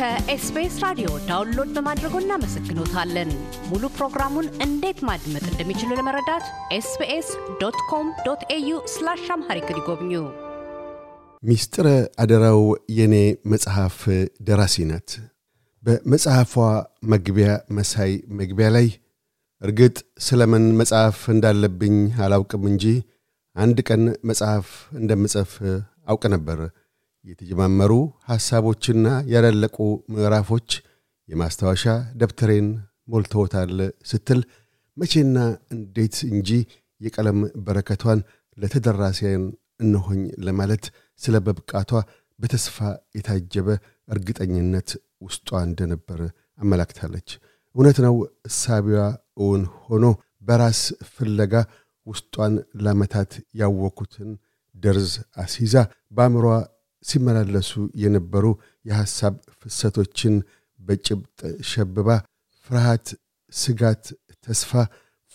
ከኤስቢኤስ ራዲዮ ዳውንሎድ በማድረጎ እናመሰግኖታለን። ሙሉ ፕሮግራሙን እንዴት ማድመጥ እንደሚችሉ ለመረዳት ኤስቢኤስ ዶት ኮም ዶት ኤዩ ስላሽ አምሃሪክ ይጎብኙ። ሚስጥረ አደራው የኔ መጽሐፍ ደራሲ ናት። በመጽሐፏ መግቢያ መሳይ መግቢያ ላይ እርግጥ ስለምን መጽሐፍ እንዳለብኝ አላውቅም እንጂ አንድ ቀን መጽሐፍ እንደምጽፍ አውቅ ነበር። የተጀማመሩ ሐሳቦችና ያላለቁ ምዕራፎች የማስታወሻ ደብተሬን ሞልተውታል ስትል መቼና እንዴት እንጂ የቀለም በረከቷን ለተደራሲያን እነሆኝ ለማለት ስለ በብቃቷ በተስፋ የታጀበ እርግጠኝነት ውስጧ እንደነበር አመላክታለች። እውነት ነው፣ ሳቢዋ እውን ሆኖ በራስ ፍለጋ ውስጧን ለመታት ያወኩትን ደርዝ አስይዛ በአእምሯ ሲመላለሱ የነበሩ የሐሳብ ፍሰቶችን በጭብጥ ሸብባ ፍርሃት፣ ስጋት፣ ተስፋ፣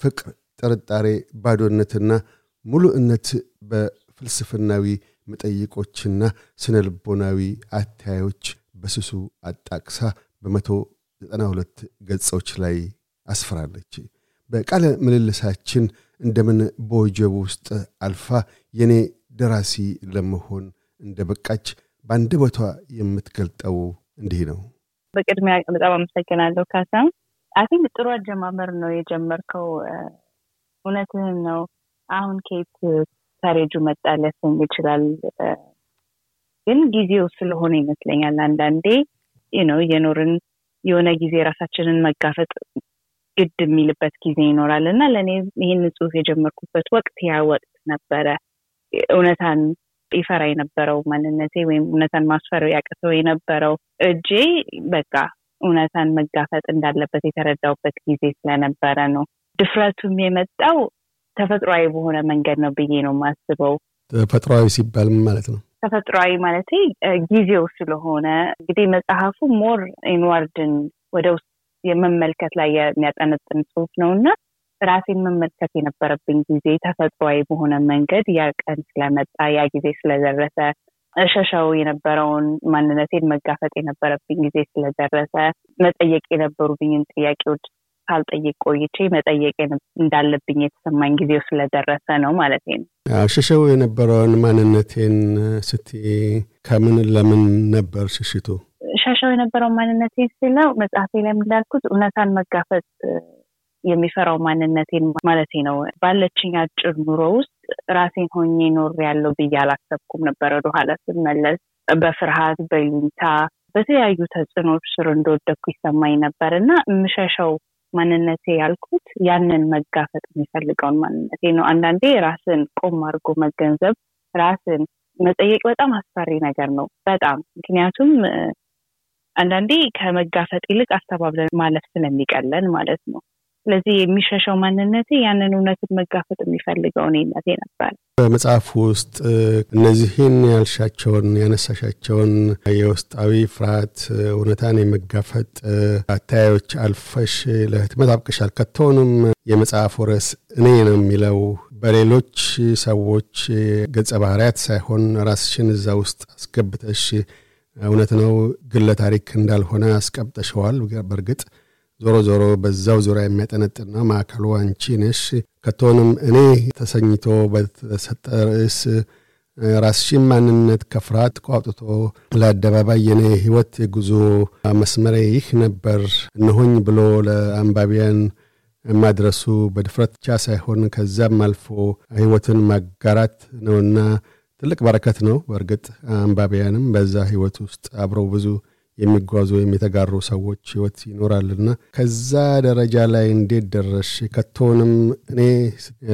ፍቅር፣ ጥርጣሬ፣ ባዶነትና ሙሉእነት በፍልስፍናዊ መጠይቆችና ስነልቦናዊ አታዮች በስሱ አጣቅሳ በመቶ ዘጠና ሁለት ገጾች ላይ አስፍራለች። በቃለ ምልልሳችን እንደምን በወጀቡ ውስጥ አልፋ የኔ ደራሲ ለመሆን እንደ በቃች በአንድ ቦታ የምትገልጠው እንዲህ ነው። በቅድሚያ በጣም አመሰግናለሁ ካሳም። አይ ጥሩ አጀማመር ነው የጀመርከው። እውነትህን ነው። አሁን ኬት ካሬጁ መጣ ሊያሰኝ ይችላል፣ ግን ጊዜው ስለሆነ ይመስለኛል አንዳንዴ ነው የኖርን የሆነ ጊዜ ራሳችንን መጋፈጥ ግድ የሚልበት ጊዜ ይኖራል እና ለእኔ ይህን ጽሁፍ የጀመርኩበት ወቅት ያ ወቅት ነበረ እውነታን ይፈራ የነበረው ማንነቴ ወይም እውነተን ማስፈር ያቅተው የነበረው እጄ በቃ እውነታን መጋፈጥ እንዳለበት የተረዳውበት ጊዜ ስለነበረ ነው። ድፍረቱም የመጣው ተፈጥሯዊ በሆነ መንገድ ነው ብዬ ነው የማስበው። ተፈጥሯዊ ሲባል ማለት ነው? ተፈጥሯዊ ማለት ጊዜው ስለሆነ እንግዲህ መጽሐፉ ሞር ኢንዋርድን ወደ ውስጥ የመመልከት ላይ የሚያጠነጥን ጽሁፍ ነው እና ራሴን መመልከት የነበረብኝ ጊዜ ተፈጥሯዊ በሆነ መንገድ ያ ቀን ስለመጣ ያ ጊዜ ስለደረሰ እሸሸው የነበረውን ማንነቴን መጋፈጥ የነበረብኝ ጊዜ ስለደረሰ መጠየቅ የነበሩብኝን ጥያቄዎች ካልጠየቅ ቆይቼ መጠየቅ እንዳለብኝ የተሰማኝ ጊዜው ስለደረሰ ነው ማለት ነው። ሽሽው የነበረውን ማንነቴን ስቲ ከምን ለምን ነበር ሽሽቱ? ሸሸው የነበረውን ማንነቴን ስለው መጽሐፌ ላይ እንዳልኩት እውነታን መጋፈጥ የሚፈራው ማንነቴን ማለት ነው። ባለችኝ አጭር ኑሮ ውስጥ ራሴን ሆኜ ኖር ያለው ብዬ አላሰብኩም ነበረ ወደኋላ ስመለስ በፍርሃት በይሉኝታ በተለያዩ ተጽዕኖች ስር እንደወደኩ ይሰማኝ ነበር እና የምሸሸው ማንነቴ ያልኩት ያንን መጋፈጥ የሚፈልገውን ማንነቴ ነው። አንዳንዴ ራስን ቆም አድርጎ መገንዘብ፣ ራስን መጠየቅ በጣም አስፈሪ ነገር ነው። በጣም ምክንያቱም አንዳንዴ ከመጋፈጥ ይልቅ አስተባብለን ማለፍ ስለሚቀለን ማለት ነው። ስለዚህ የሚሸሸው ማንነት ያንን እውነትን መጋፈጥ የሚፈልገው እኔነቴ ነበር። በመጽሐፍ ውስጥ እነዚህን ያልሻቸውን ያነሳሻቸውን የውስጣዊ ፍርሃት እውነታን የመጋፈጥ አታያዮች አልፈሽ ለህትመት አብቅሻል። ከቶውንም የመጽሐፉ ርዕስ እኔ ነው የሚለው በሌሎች ሰዎች ገጸ ባህርያት ሳይሆን ራስሽን እዛ ውስጥ አስገብተሽ እውነት ነው ግለ ታሪክ እንዳልሆነ አስቀብጠሸዋል በእርግጥ ዞሮ ዞሮ በዛው ዙሪያ የሚያጠነጥን ነው። ማዕከሉ አንቺ ነሽ። ከቶንም እኔ ተሰኝቶ በተሰጠ ርዕስ ራስሽን ማንነት ከፍርሃት ቋጥቶ ለአደባባይ የኔ ህይወት የጉዞ መስመሬ ይህ ነበር እነሆኝ ብሎ ለአንባቢያን ማድረሱ በድፍረት ብቻ ሳይሆን ከዛም አልፎ ህይወትን ማጋራት ነውና ትልቅ በረከት ነው። በእርግጥ አንባቢያንም በዛ ህይወት ውስጥ አብረው ብዙ የሚጓዙ ወይም የተጋሩ ሰዎች ህይወት ይኖራልና ከዛ ደረጃ ላይ እንዴት ደረሽ? ከቶንም እኔ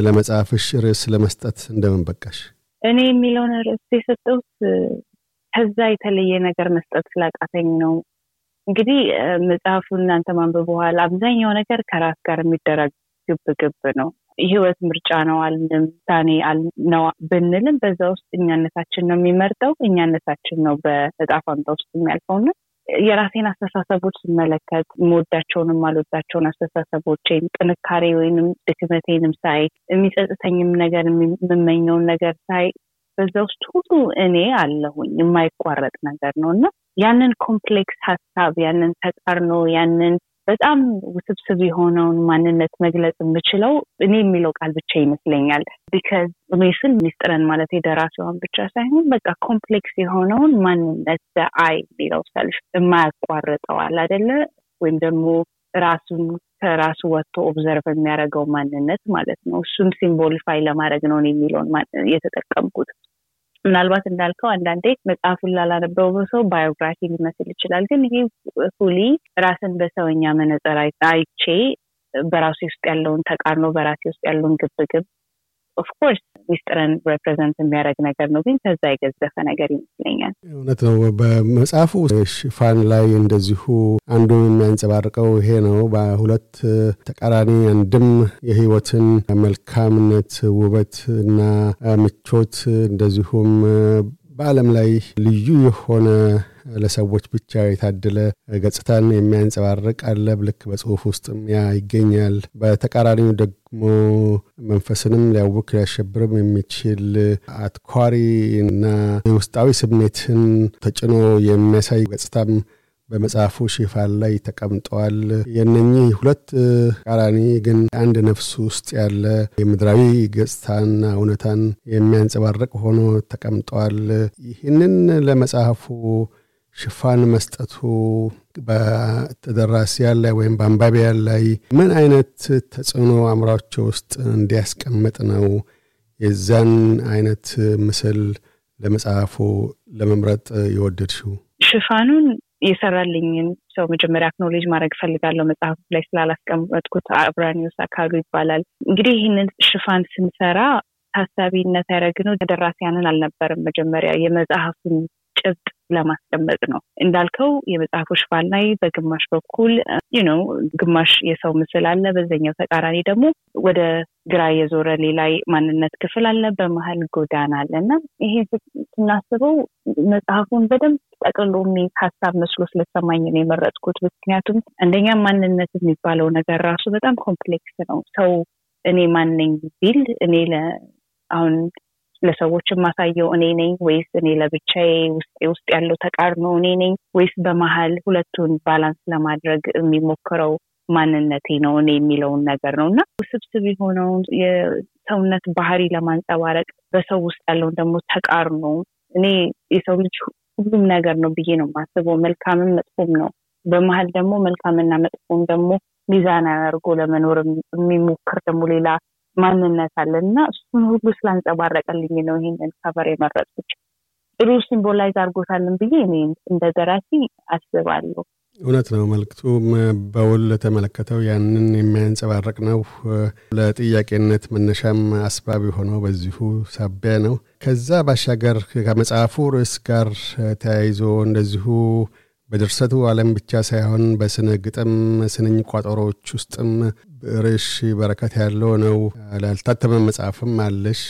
ለመጽሐፍሽ ርዕስ ለመስጠት እንደምን በቃሽ? እኔ የሚለውን ርዕስ የሰጠሁት ከዛ የተለየ ነገር መስጠት ስላቃተኝ ነው። እንግዲህ መጽሐፉ እናንተ ማንበብ በኋላ አብዛኛው ነገር ከራስ ጋር የሚደረግ ግብ ነው። ህይወት ምርጫ ነው አልንም ውሳኔ ነው ብንልም በዛ ውስጥ እኛነታችን ነው የሚመርጠው እኛነታችን ነው በእጣ ፋንታ ውስጥ የሚያልፈውና የራሴን አስተሳሰቦች ስመለከት የምወዳቸውንም አልወዳቸውን አስተሳሰቦቼን ጥንካሬ ወይንም ድክመቴንም ሳይ የሚጸጥተኝም ነገር የምመኘውን ነገር ሳይ በዛ ውስጥ ሁሉ እኔ አለሁኝ የማይቋረጥ ነገር ነው እና ያንን ኮምፕሌክስ ሀሳብ ያንን ተቃርኖ ያንን በጣም ውስብስብ የሆነውን ማንነት መግለጽ የምችለው እኔ የሚለው ቃል ብቻ ይመስለኛል። ቢካዝ ሜስን ሚስጥረን ማለት የደራሲዋን ብቻ ሳይሆን በቃ ኮምፕሌክስ የሆነውን ማንነት በአይ የሚለው ሰልፍ የማያቋርጠዋል አደለ ወይም ደግሞ ራሱን ከራሱ ወጥቶ ኦብዘርቭ የሚያደርገው ማንነት ማለት ነው። እሱም ሲምቦሊፋይ ለማድረግ ነው የሚለውን የተጠቀምኩት። ምናልባት እንዳልከው አንዳንዴ መጽሐፉን ላላነበበው ሰው ባዮግራፊ ሊመስል ይችላል። ግን ይሄ ፉሊ ራስን በሰውኛ መነጽር አይቼ በራሴ ውስጥ ያለውን ተቃርኖ፣ በራሴ ውስጥ ያለውን ግብግብ፣ ኦፍኮርስ ሚስጥርን ሬፕሬዘንት የሚያደርግ ነገር ነው፣ ግን ከዛ የገዘፈ ነገር ይመስለኛል። እውነት ነው። በመጽሐፉ ሽፋን ላይ እንደዚሁ አንዱ የሚያንጸባርቀው ይሄ ነው። በሁለት ተቃራኒ አንድም የህይወትን መልካምነት፣ ውበት እና ምቾት እንደዚሁም በዓለም ላይ ልዩ የሆነ ለሰዎች ብቻ የታደለ ገጽታን የሚያንጸባርቅ አለ። ልክ በጽሁፍ ውስጥም ያ ይገኛል። በተቃራኒው ደግሞ መንፈስንም ሊያውክ ሊያሸብርም የሚችል አትኳሪ እና ውስጣዊ ስሜትን ተጭኖ የሚያሳይ ገጽታም በመጽሐፉ ሽፋን ላይ ተቀምጠዋል። የነኚህ ሁለት ቃራኒ ግን አንድ ነፍስ ውስጥ ያለ የምድራዊ ገጽታና እውነታን የሚያንጸባርቅ ሆኖ ተቀምጠዋል። ይህንን ለመጽሐፉ ሽፋን መስጠቱ በተደራሲያን ላይ ወይም በአንባቢያን ላይ ምን አይነት ተጽዕኖ አእምሯቸው ውስጥ እንዲያስቀምጥ ነው የዛን አይነት ምስል ለመጽሐፉ ለመምረጥ የወደድሽው? ሽፋኑን የሰራልኝን ሰው መጀመሪያ አክኖሌጅ ማድረግ እፈልጋለሁ። መጽሐፉ ላይ ስላላስቀመጥኩት አብራኒዮስ አካሉ ይባላል። እንግዲህ ይህንን ሽፋን ስንሰራ ታሳቢነት ያደረግነው ደራሲያንን አልነበርም መጀመሪያ የመጽሐፉን ጭብጥ ለማስቀመጥ ነው። እንዳልከው የመጽሐፉ ሽፋን ላይ በግማሽ በኩል ነው ግማሽ የሰው ምስል አለ። በዛኛው ተቃራኒ ደግሞ ወደ ግራ የዞረ ሌላ ማንነት ክፍል አለ። በመሀል ጎዳና አለ እና ይሄ ስናስበው መጽሐፉን በደንብ ጠቅሎ የሚይዝ ሀሳብ መስሎ ስለሰማኝ ነው የመረጥኩት። ምክንያቱም አንደኛ ማንነት የሚባለው ነገር ራሱ በጣም ኮምፕሌክስ ነው። ሰው እኔ ማን ቢል እኔ ለአሁን ለሰዎች የማሳየው እኔ ነኝ ወይስ እኔ ለብቻዬ ውስጤ ውስጥ ያለው ተቃርኖ እኔ ነኝ ወይስ በመሀል ሁለቱን ባላንስ ለማድረግ የሚሞክረው ማንነቴ ነው እኔ የሚለውን ነገር ነው እና ውስብስብ የሆነውን የሰውነት ባህሪ ለማንጸባረቅ በሰው ውስጥ ያለውን ደግሞ ተቃርኖ እኔ የሰው ልጅ ሁሉም ነገር ነው ብዬ ነው የማስበው። መልካምም መጥፎም ነው። በመሀል ደግሞ መልካምና መጥፎም ደግሞ ሚዛን አድርጎ ለመኖር የሚሞክር ደግሞ ሌላ ማንነት አለን እና እሱን ሁሉ ስላንጸባረቀልኝ ነው ይሄንን ከቨር የመረጥኩት። ጥሩ ሲምቦላይዝ አድርጎታልን ብዬ እኔ እንደ ደራሲ አስባለሁ። እውነት ነው። መልክቱ በውል ለተመለከተው ያንን የሚያንጸባረቅ ነው። ለጥያቄነት መነሻም አስባብ የሆነው በዚሁ ሳቢያ ነው። ከዛ ባሻገር ከመጽሐፉ ርዕስ ጋር ተያይዞ እንደዚሁ በድርሰቱ አለም ብቻ ሳይሆን በስነ ግጥም ስንኝ ቋጠሮዎች ውስጥም ብዕርሽ በረከት ያለው ነው። ላልታተመ መጽሐፍም አለሽ።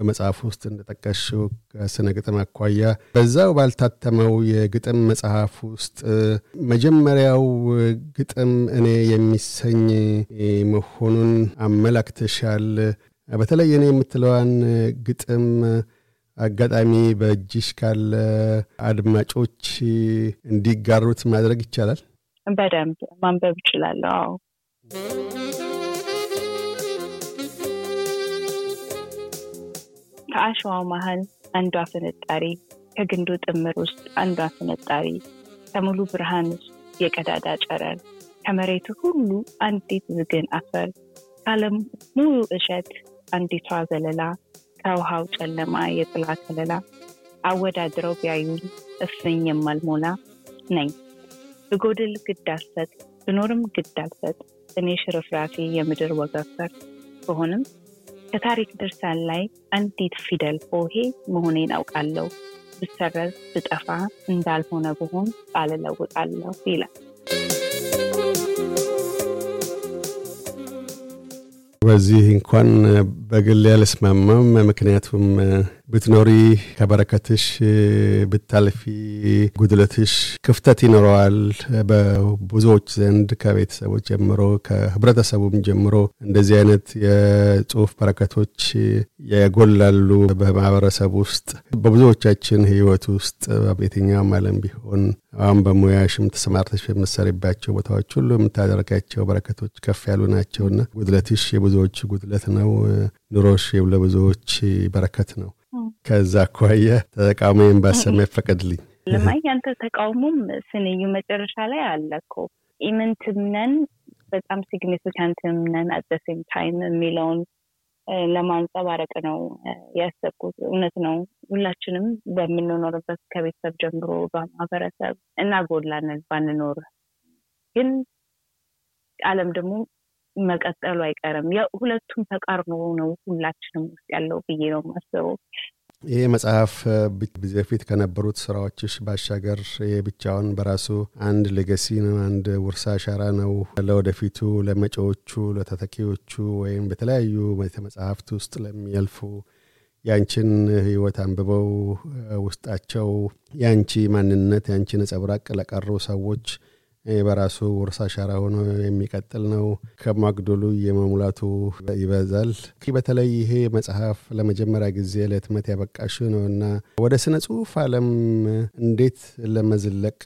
በመጽሐፍ ውስጥ እንደጠቀሽው ከስነ ግጥም አኳያ በዛው ባልታተመው የግጥም መጽሐፍ ውስጥ መጀመሪያው ግጥም እኔ የሚሰኝ መሆኑን አመላክተሻል። በተለይ እኔ የምትለዋን ግጥም አጋጣሚ በእጅሽ ካለ አድማጮች እንዲጋሩት ማድረግ ይቻላል። በደንብ ማንበብ እችላለሁ። ከአሸዋው መሀል አንዷ ፍንጣሪ፣ ከግንዱ ጥምር ውስጥ አንዷ ፍንጣሪ፣ ከሙሉ ብርሃን ውስጥ የቀዳዳ ጨረር፣ ከመሬቱ ሁሉ አንዲት ዝግን አፈር፣ ከዓለም ሙሉ እሸት አንዲቷ ዘለላ፣ ከውሃው ጨለማ የጥላ ከለላ አወዳድረው ቢያዩኝ እፍኝ የማልሞላ ነኝ ብጎድል ግድ አልሰጥ ብኖርም ግድ አልሰጥ የቅኔ ሽርፍራፊ የምድር ወገፈር ብሆንም ከታሪክ ድርሳን ላይ አንዲት ፊደል ሆሄ መሆኔን አውቃለሁ። ብሰረዝ ብጠፋ እንዳልሆነ ብሆን ቃል እለውጣለሁ ይላል። በዚህ እንኳን በግል ያልስማማም፣ ምክንያቱም ብትኖሪ ከበረከትሽ ብታልፊ ጉድለትሽ ክፍተት ይኖረዋል። በብዙዎች ዘንድ ከቤተሰቦች ጀምሮ ከህብረተሰቡም ጀምሮ እንደዚህ አይነት የጽሁፍ በረከቶች ያጎላሉ። በማህበረሰብ ውስጥ በብዙዎቻችን ህይወት ውስጥ በየትኛውም ዓለም ቢሆን አሁን በሙያሽም ተሰማርተሽ በምሰሪባቸው ቦታዎች ሁሉ የምታደረጋቸው በረከቶች ከፍ ያሉ ናቸውና ጉድለትሽ የብዙዎች ጉድለት ነው። ኑሮሽ ለብዙዎች በረከት ነው። ከዛ አኳያ ተቃውሞዬን ባሰማ ይፈቀድልኝ። ልማይ ያንተ ተቃውሞም ስንዩ መጨረሻ ላይ አለኮ እኮ ኢምንትም ነን በጣም ሲግኒፊካንትም ነን አደሴም ታይም የሚለውን ለማንጸባረቅ ነው ያሰብኩት። እውነት ነው ሁላችንም በምንኖርበት ከቤተሰብ ጀምሮ በማህበረሰብ እናጎላንን ባንኖር ግን አለም ደግሞ መቀጠሉ አይቀርም። ሁለቱም ተቃርኖ ነው ሁላችንም ውስጥ ያለው ብዬ ነው ማስበው ይህ መጽሐፍ በፊት ከነበሩት ስራዎችሽ ባሻገር ብቻውን በራሱ አንድ ሌገሲ ነው፣ አንድ ውርሳ አሻራ ነው። ለወደፊቱ፣ ለመጪዎቹ፣ ለተተኪዎቹ ወይም በተለያዩ መጽሐፍት ውስጥ ለሚያልፉ ያንቺን ህይወት አንብበው ውስጣቸው ያንቺ ማንነት ያንቺ ነጸብራቅ ለቀሩ ሰዎች በራሱ ወርሳ አሻራ ሆኖ የሚቀጥል ነው። ከማጉደሉ የመሙላቱ ይበዛል። በተለይ ይሄ መጽሐፍ ለመጀመሪያ ጊዜ ለህትመት ያበቃሽ ነው እና ወደ ስነ ጽሁፍ አለም እንዴት ለመዝለቅ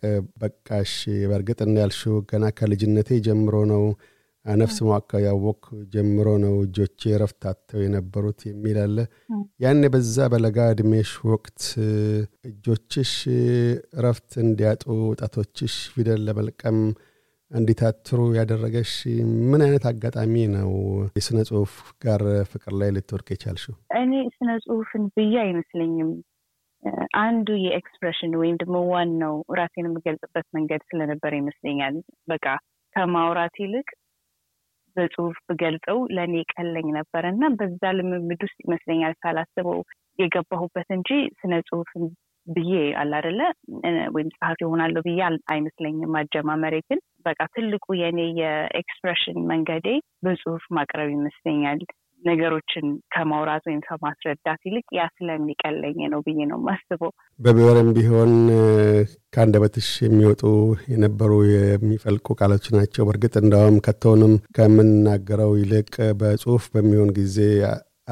በቃሽ? በእርግጥ እንዳልሽው ገና ከልጅነቴ ጀምሮ ነው አነፍስ ሟካ ያወቅ ጀምሮ ነው እጆቼ ረፍት አጥተው የነበሩት የሚል አለ። ያን በዛ በለጋ እድሜሽ ወቅት እጆችሽ ረፍት እንዲያጡ ጣቶችሽ ፊደል ለመልቀም እንዲታትሩ ያደረገሽ ምን አይነት አጋጣሚ ነው? የስነ ጽሁፍ ጋር ፍቅር ላይ ልትወድቅ የቻልሽው? እኔ ስነ ጽሁፍን ብዬ አይመስለኝም። አንዱ የኤክስፕሬሽን ወይም ደግሞ ዋናው ራሴን የምገልጽበት መንገድ ስለነበር ይመስለኛል። በቃ ከማውራት ይልቅ በጽሁፍ ብገልጸው ለእኔ ቀለኝ ነበር እና በዛ ልምምድ ውስጥ ይመስለኛል ሳላስበው የገባሁበት እንጂ ስነ ጽሁፍ ብዬ አላደለ ወይም ጸሐፊ እሆናለሁ ብዬ አይመስለኝም። አጀማመሬ ግን በቃ ትልቁ የእኔ የኤክስፕሬሽን መንገዴ በጽሁፍ ማቅረብ ይመስለኛል። ነገሮችን ከማውራት ወይም ከማስረዳት ይልቅ ያ ስለሚቀለኝ ነው ብዬ ነው የማስበው። በብዕርም ቢሆን ከአንደበትሽ የሚወጡ የነበሩ የሚፈልቁ ቃሎች ናቸው። በእርግጥ እንደውም ከቶንም ከምናገረው ይልቅ በጽሁፍ በሚሆን ጊዜ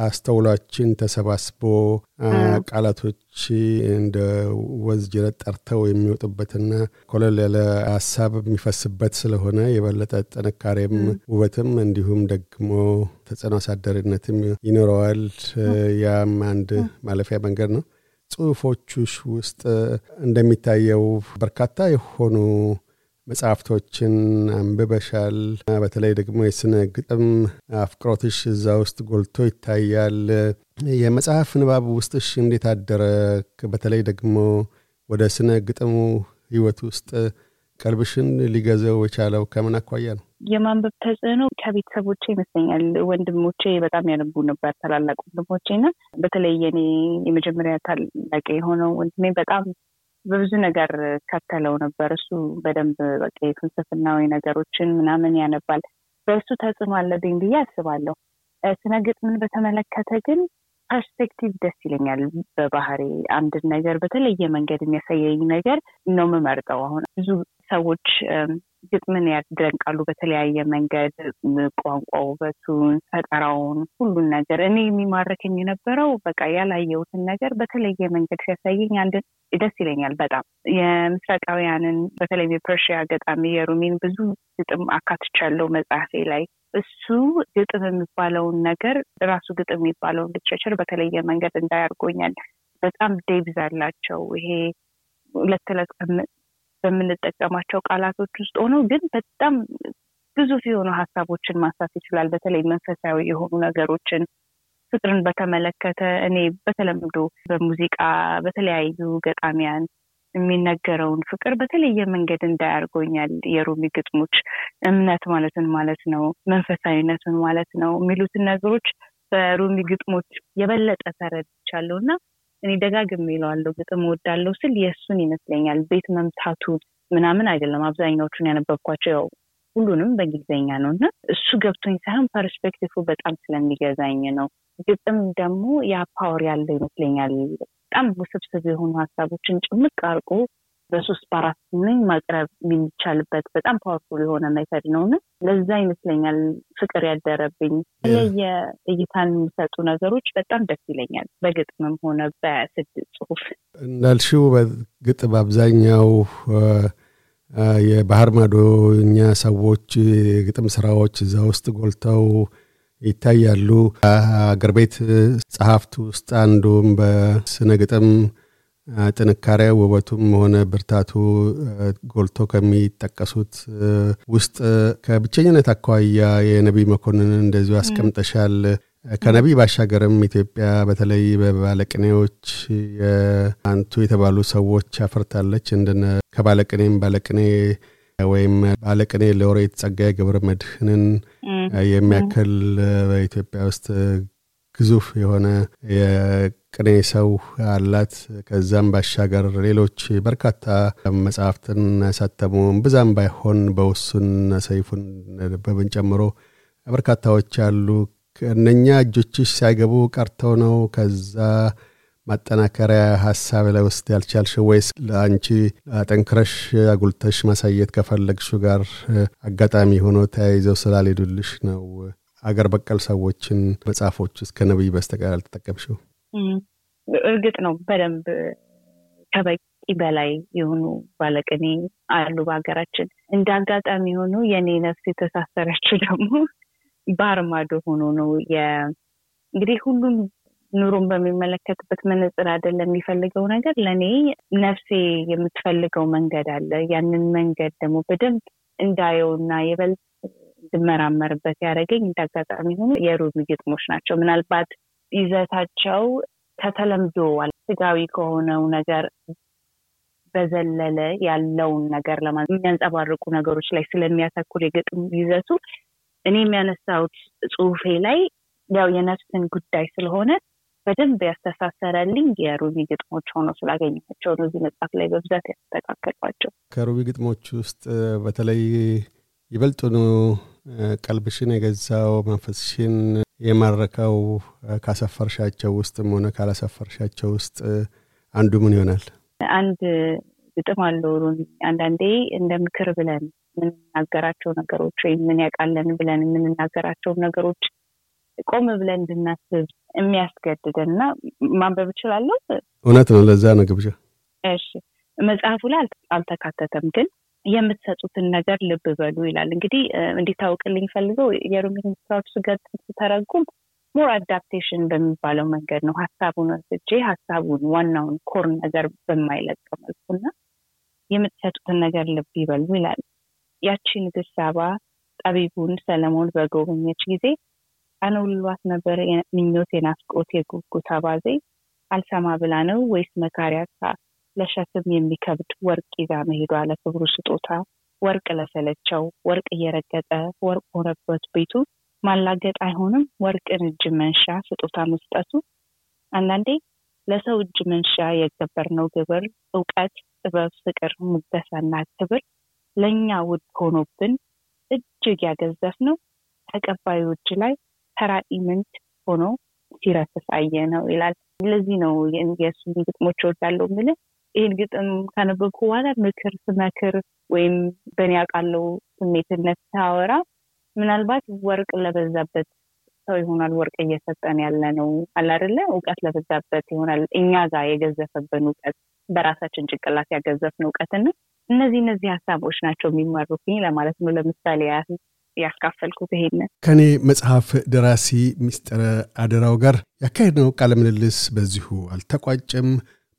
አስተውሏችን ተሰባስቦ ቃላቶች እንደ ወዝ ጅረት ጠርተው የሚወጡበትና ኮለል ያለ ሀሳብ የሚፈስበት ስለሆነ የበለጠ ጥንካሬም ውበትም እንዲሁም ደግሞ ተጽዕኖ አሳደርነትም ይኖረዋል። ያም አንድ ማለፊያ መንገድ ነው። ጽሁፎቹ ውስጥ እንደሚታየው በርካታ የሆኑ መጽሐፍቶችን አንብበሻል። በተለይ ደግሞ የስነ ግጥም አፍቅሮትሽ እዛ ውስጥ ጎልቶ ይታያል። የመጽሐፍ ንባብ ውስጥሽ እንዴት አደረ? በተለይ ደግሞ ወደ ስነ ግጥሙ ህይወት ውስጥ ቀልብሽን ሊገዘው የቻለው ከምን አኳያ ነው? የማንበብ ተጽዕኖ ከቤተሰቦቼ ይመስለኛል። ወንድሞቼ በጣም ያነቡ ነበር፣ ታላላቅ ወንድሞቼ እና በተለይ የኔ የመጀመሪያ ታላቅ የሆነው ወንድሜ በጣም በብዙ ነገር ከተለው ነበር። እሱ በደንብ በቃ የፍልስፍናዊ ነገሮችን ምናምን ያነባል። በእሱ ተጽዕኖ አለብኝ ብዬ አስባለሁ። ስነ ግጥምን በተመለከተ ግን ፐርስፔክቲቭ ደስ ይለኛል። በባህሪ አንድን ነገር በተለየ መንገድ የሚያሳየኝ ነገር ነው የምመርጠው። አሁን ብዙ ሰዎች ግጥምን ያደንቃሉ። በተለያየ መንገድ ቋንቋ ውበቱን፣ ፈጠራውን፣ ሁሉን ነገር እኔ የሚማረከኝ የነበረው በቃ ያላየሁትን ነገር በተለየ መንገድ ሲያሳየኝ አንድ ደስ ይለኛል በጣም የምስራቃውያንን በተለይም የፐርሺያ ገጣሚ የሩሚን ብዙ ግጥም አካትቻለው መጽሐፌ ላይ። እሱ ግጥም የሚባለውን ነገር ራሱ ግጥም የሚባለውን ልቸችር በተለየ መንገድ እንዳያርጎኛል። በጣም ዴብዝ አላቸው ይሄ ሁለት ለት በምንጠቀማቸው ቃላቶች ውስጥ ሆኖ ግን በጣም ግዙፍ የሆኑ ሀሳቦችን ማንሳት ይችላል። በተለይ መንፈሳዊ የሆኑ ነገሮችን ፍቅርን በተመለከተ እኔ በተለምዶ በሙዚቃ በተለያዩ ገጣሚያን የሚነገረውን ፍቅር በተለየ መንገድ እንዳያርጎኛል። የሮሚ ግጥሞች እምነት ማለትን ማለት ነው፣ መንፈሳዊነትን ማለት ነው የሚሉትን ነገሮች በሮሚ ግጥሞች የበለጠ ተረድቻለሁ እና እኔ ደጋግሜ እለዋለሁ ግጥም ወዳለው ስል የእሱን ይመስለኛል ቤት መምታቱ ምናምን አይደለም። አብዛኛዎቹን ያነበብኳቸው ያው ሁሉንም በእንግሊዝኛ ነው እና እሱ ገብቶኝ ሳይሆን ፐርስፔክቲፉ በጣም ስለሚገዛኝ ነው። ግጥም ደግሞ ያ ፓወር ያለው ይመስለኛል። በጣም ውስብስብ የሆኑ ሀሳቦችን ጭምቅ አርቆ በሶስት በአራት ስምንት ማቅረብ የሚቻልበት በጣም ፓወርፉል የሆነ ሜተድ ነው። ለዛ ይመስለኛል ፍቅር ያደረብኝ የተለየ እይታን የሚሰጡ ነገሮች በጣም ደስ ይለኛል። በግጥምም ሆነ በስድ ጽሁፍ እንዳልሽው በግጥ በአብዛኛው የባህር ማዶኛ ሰዎች የግጥም ስራዎች እዛ ውስጥ ጎልተው ይታያሉ። አገር ቤት ጸሐፍት ውስጥ አንዱም በስነ ግጥም ጥንካሬ ውበቱም ሆነ ብርታቱ ጎልቶ ከሚጠቀሱት ውስጥ ከብቸኝነት አኳያ የነቢይ መኮንንን እንደዚሁ አስቀምጠሻል። ከነቢይ ባሻገርም ኢትዮጵያ በተለይ በባለቅኔዎች አንቱ የተባሉ ሰዎች አፍርታለች። እንደነ ከባለቅኔም ባለቅኔ ወይም ባለቅኔ ሎሬት ጸጋዬ ገብረ መድህንን የሚያክል በኢትዮጵያ ውስጥ ግዙፍ የሆነ የቅኔ ሰው አላት። ከዛም ባሻገር ሌሎች በርካታ መጽሐፍትን ያሳተሙ ብዛም ባይሆን በውሱን ሰይፉን ደበበን ጨምሮ በርካታዎች አሉ። እነኛ እጆችሽ ሳይገቡ ቀርተው ነው ከዛ ማጠናከሪያ ሀሳብ ላይ ውስጥ ያልቻልሽ ወይስ ለአንቺ አጠንክረሽ አጉልተሽ ማሳየት ከፈለግሹ ጋር አጋጣሚ ሆኖ ተያይዘው ስላልሄዱልሽ ነው? አገር በቀል ሰዎችን መጽሐፎች ውስጥ ከነብይ በስተቀር አልተጠቀምሽው? እርግጥ ነው በደንብ ከበቂ በላይ የሆኑ ባለቅኔ አሉ በሀገራችን። እንደ አጋጣሚ የሆኑ የእኔ ነፍስ የተሳሰረችው ደግሞ ባርማዶ ሆኖ ነው። እንግዲህ ሁሉም ኑሮን በሚመለከትበት መነጽር አይደለም የሚፈልገው ነገር። ለእኔ ነፍሴ የምትፈልገው መንገድ አለ። ያንን መንገድ ደግሞ በደንብ እንዳየውና የበልጥ እንድመራመርበት ያደረገኝ እንዳጋጣሚ ሆኑ የሩሚ ግጥሞች ናቸው። ምናልባት ይዘታቸው ከተለምዶ ስጋዊ ከሆነው ነገር በዘለለ ያለውን ነገር ለማ የሚያንጸባርቁ ነገሮች ላይ ስለሚያተኩር የግጥም ይዘቱ እኔ የሚያነሳውት ጽሁፌ ላይ ያው የነፍስን ጉዳይ ስለሆነ በደንብ ያስተሳሰረልኝ የሩቢ ግጥሞች ሆኖ ስላገኘቸው ነው። እዚህ መጽሐፍ ላይ በብዛት ያስተካከልኳቸው ከሩቢ ግጥሞች ውስጥ በተለይ ይበልጡኑ ቀልብሽን የገዛው መንፈስሽን የማረከው ካሰፈርሻቸው ውስጥም ሆነ ካላሰፈርሻቸው ውስጥ አንዱ ምን ይሆናል? አንድ ግጥም አለው ሩን አንዳንዴ እንደ ምክር ብለን የምንናገራቸው ነገሮች ወይም ምን ያውቃለን ብለን የምንናገራቸው ነገሮች ቆም ብለን እንድናስብ የሚያስገድደን እና ማንበብ እችላለሁ። እውነት ነው። ለዛ ነው ግብዣ። እሺ፣ መጽሐፉ ላይ አልተካተተም፣ ግን የምትሰጡትን ነገር ልብ በሉ ይላል። እንግዲህ እንዲታወቅልኝ ፈልገው የሩሚን ስራዎች ስገጥ ስተረጉም ሞር አዳፕቴሽን በሚባለው መንገድ ነው ሀሳቡን ወስጄ ሀሳቡን ዋናውን ኮር ነገር በማይለቀ መልኩ እና የምትሰጡትን ነገር ልብ ይበሉ ይላል። ያቺ ንግስት ሳባ ጠቢቡን ሰለሞን በጎበኘች ጊዜ አነውልሏት ነበር ምኞት፣ የናፍቆት፣ የጉጉት አባዜ አልሰማ ብላ ነው ወይስ መካሪያ ሳ ለሸክም የሚከብድ ወርቅ ይዛ መሄዷ ለክብሩ ስጦታ ወርቅ ለሰለቸው ወርቅ እየረገጠ ወርቅ ሆነበት ቤቱ ማላገጥ አይሆንም ወርቅን እጅ መንሻ ስጦታ መስጠቱ። አንዳንዴ ለሰው እጅ መንሻ የገበር ነው ግብር እውቀት፣ ጥበብ፣ ፍቅር፣ ሙገሳና ክብር ለእኛ ውድ ሆኖብን እጅግ ያገዘፍ ነው ተቀባዮች ላይ ተራ ኢምንት ሆኖ ሲረክስ አየ ነው ይላል። ለዚህ ነው የእሱን ግጥሞች ወዳለው ምልህ ይህን ግጥም ከነበብኩ በኋላ ምክር ስመክር ወይም በእኔ ያውቃለው ስሜትነት ሳወራ ምናልባት ወርቅ ለበዛበት ሰው ይሆናል ወርቅ እየሰጠን ያለ ነው አላደለ እውቀት ለበዛበት ይሆናል እኛ ጋ የገዘፈብን እውቀት በራሳችን ጭቅላት ያገዘፍን እውቀትና እነዚህ እነዚህ ሀሳቦች ናቸው የሚመሩትኝ ለማለት ነው ለምሳሌ ያካፈልኩት ከእኔ መጽሐፍ ደራሲ ሚስጥረ አደራው ጋር ያካሄድነው ቃለ ምልልስ በዚሁ አልተቋጭም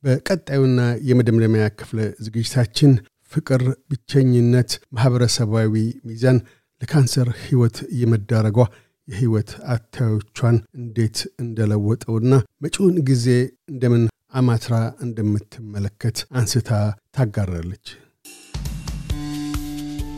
በቀጣዩና የመደምደሚያ ክፍለ ዝግጅታችን ፍቅር፣ ብቸኝነት፣ ማህበረሰባዊ ሚዛን ለካንሰር ህይወት የመዳረጓ የህይወት አታዮቿን እንዴት እንደለወጠውና መጪውን ጊዜ እንደምን አማትራ እንደምትመለከት አንስታ ታጋራለች።